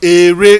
eré